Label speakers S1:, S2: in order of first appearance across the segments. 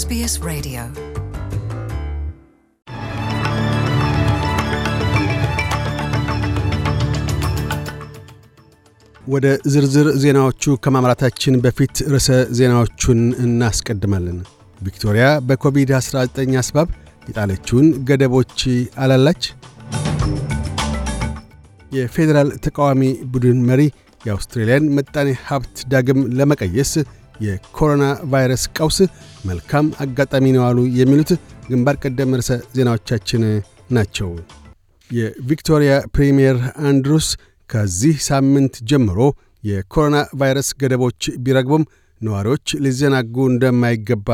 S1: SBS ሬዲዮ ወደ ዝርዝር ዜናዎቹ ከማምራታችን በፊት ርዕሰ ዜናዎቹን እናስቀድማለን። ቪክቶሪያ በኮቪድ-19 አስባብ የጣለችውን ገደቦች አላላች። የፌዴራል ተቃዋሚ ቡድን መሪ የአውስትሬልያን ምጣኔ ሀብት ዳግም ለመቀየስ የኮሮና ቫይረስ ቀውስ መልካም አጋጣሚ ነው አሉ የሚሉት ግንባር ቀደም ርዕሰ ዜናዎቻችን ናቸው። የቪክቶሪያ ፕሪምየር አንድሩስ ከዚህ ሳምንት ጀምሮ የኮሮና ቫይረስ ገደቦች ቢረግቡም ነዋሪዎች ሊዘናጉ እንደማይገባ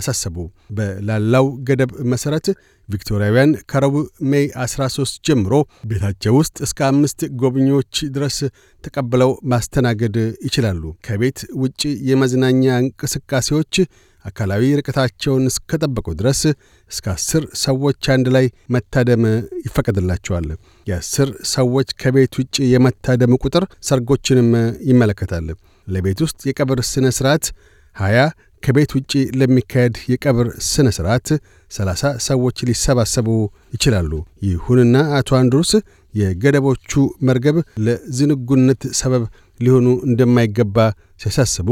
S1: አሳሰቡ። በላላው ገደብ መሠረት ቪክቶሪያውያን ከረቡ ሜይ 13 ጀምሮ ቤታቸው ውስጥ እስከ አምስት ጎብኚዎች ድረስ ተቀብለው ማስተናገድ ይችላሉ። ከቤት ውጭ የመዝናኛ እንቅስቃሴዎች አካላዊ ርቀታቸውን እስከጠበቁ ድረስ እስከ አስር ሰዎች አንድ ላይ መታደም ይፈቀድላቸዋል። የአስር ሰዎች ከቤት ውጭ የመታደም ቁጥር ሰርጎችንም ይመለከታል። ለቤት ውስጥ የቀብር ሥነ ሥርዓት 20 ከቤት ውጪ ለሚካሄድ የቀብር ሥነ ሥርዓት 30 ሰዎች ሊሰባሰቡ ይችላሉ። ይሁንና አቶ አንድሩስ የገደቦቹ መርገብ ለዝንጉነት ሰበብ ሊሆኑ እንደማይገባ ሲያሳስቡ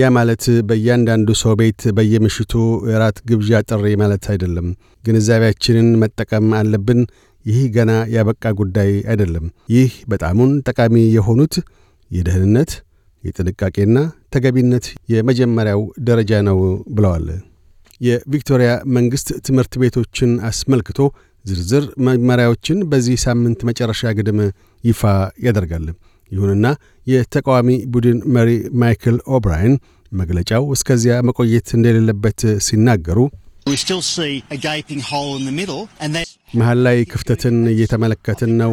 S1: ያ ማለት በእያንዳንዱ ሰው ቤት በየምሽቱ የራት ግብዣ ጥሪ ማለት አይደለም። ግንዛቤያችንን መጠቀም አለብን። ይህ ገና ያበቃ ጉዳይ አይደለም። ይህ በጣሙን ጠቃሚ የሆኑት የደህንነት የጥንቃቄና ተገቢነት የመጀመሪያው ደረጃ ነው ብለዋል። የቪክቶሪያ መንግሥት ትምህርት ቤቶችን አስመልክቶ ዝርዝር መመሪያዎችን በዚህ ሳምንት መጨረሻ ግድም ይፋ ያደርጋል። ይሁንና የተቃዋሚ ቡድን መሪ ማይክል ኦብራይን መግለጫው እስከዚያ መቆየት እንደሌለበት ሲናገሩ መሀል ላይ ክፍተትን እየተመለከትን ነው።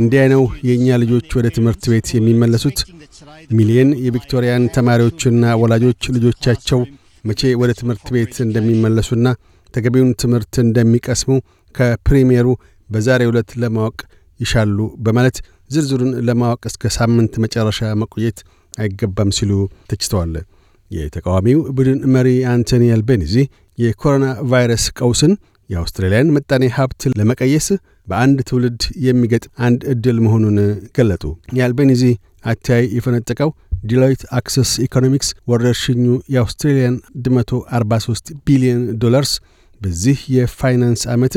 S1: እንዲያ ነው የእኛ ልጆች ወደ ትምህርት ቤት የሚመለሱት። ሚሊየን የቪክቶሪያን ተማሪዎችና ወላጆች ልጆቻቸው መቼ ወደ ትምህርት ቤት እንደሚመለሱና ተገቢውን ትምህርት እንደሚቀስሙ ከፕሪሚየሩ በዛሬ ዕለት ለማወቅ ይሻሉ በማለት ዝርዝሩን ለማወቅ እስከ ሳምንት መጨረሻ መቆየት አይገባም ሲሉ ተችተዋል። የተቃዋሚው ቡድን መሪ አንቶኒ አልቤኒዚ የኮሮና ቫይረስ ቀውስን የአውስትራሊያን ምጣኔ ሀብት ለመቀየስ በአንድ ትውልድ የሚገጥ አንድ ዕድል መሆኑን ገለጡ። የአልቤኒዚ አተያይ የፈነጠቀው ዲሎይት አክሰስ ኢኮኖሚክስ ወረርሽኙ የአውስትሬልያን 143 ቢሊዮን ዶላርስ በዚህ የፋይናንስ ዓመት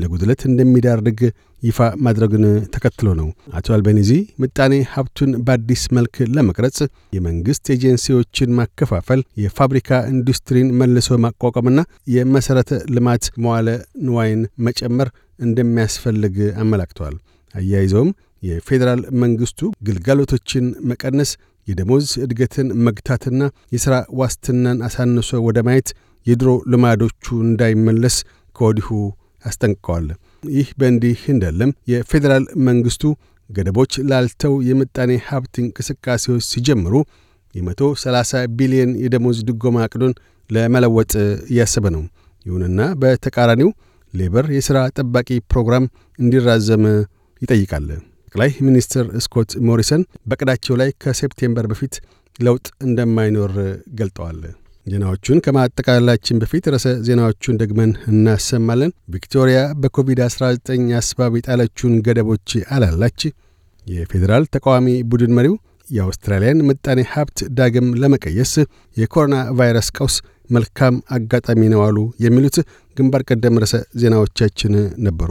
S1: ለጉድለት እንደሚዳርግ ይፋ ማድረግን ተከትሎ ነው። አቶ አልቤኒዚ ምጣኔ ሀብቱን በአዲስ መልክ ለመቅረጽ የመንግሥት ኤጀንሲዎችን ማከፋፈል፣ የፋብሪካ ኢንዱስትሪን መልሶ ማቋቋምና የመሠረተ ልማት መዋለ ንዋይን መጨመር እንደሚያስፈልግ አመላክተዋል። አያይዘውም የፌዴራል መንግሥቱ ግልጋሎቶችን መቀነስ፣ የደሞዝ እድገትን መግታትና የሥራ ዋስትናን አሳንሶ ወደ ማየት የድሮ ልማዶቹ እንዳይመለስ ከወዲሁ አስጠንቅቀዋል። ይህ በእንዲህ እንዳለም የፌዴራል መንግስቱ ገደቦች ላልተው የምጣኔ ሀብት እንቅስቃሴዎች ሲጀምሩ የ130 ቢሊዮን የደሞዝ ድጎማ ቅዱን ለመለወጥ እያሰበ ነው። ይሁንና በተቃራኒው ሌበር የሥራ ጠባቂ ፕሮግራም እንዲራዘም ይጠይቃል። ጠቅላይ ሚኒስትር ስኮት ሞሪሰን በቅዳቸው ላይ ከሴፕቴምበር በፊት ለውጥ እንደማይኖር ገልጠዋል። ዜናዎቹን ከማጠቃላላችን በፊት ረዕሰ ዜናዎቹን ደግመን እናሰማለን። ቪክቶሪያ በኮቪድ-19 አስባብ የጣለችውን ገደቦች አላላች። የፌዴራል ተቃዋሚ ቡድን መሪው የአውስትራሊያን ምጣኔ ሀብት ዳግም ለመቀየስ የኮሮና ቫይረስ ቀውስ መልካም አጋጣሚ ነው አሉ። የሚሉት ግንባር ቀደም ረዕሰ ዜናዎቻችን ነበሩ።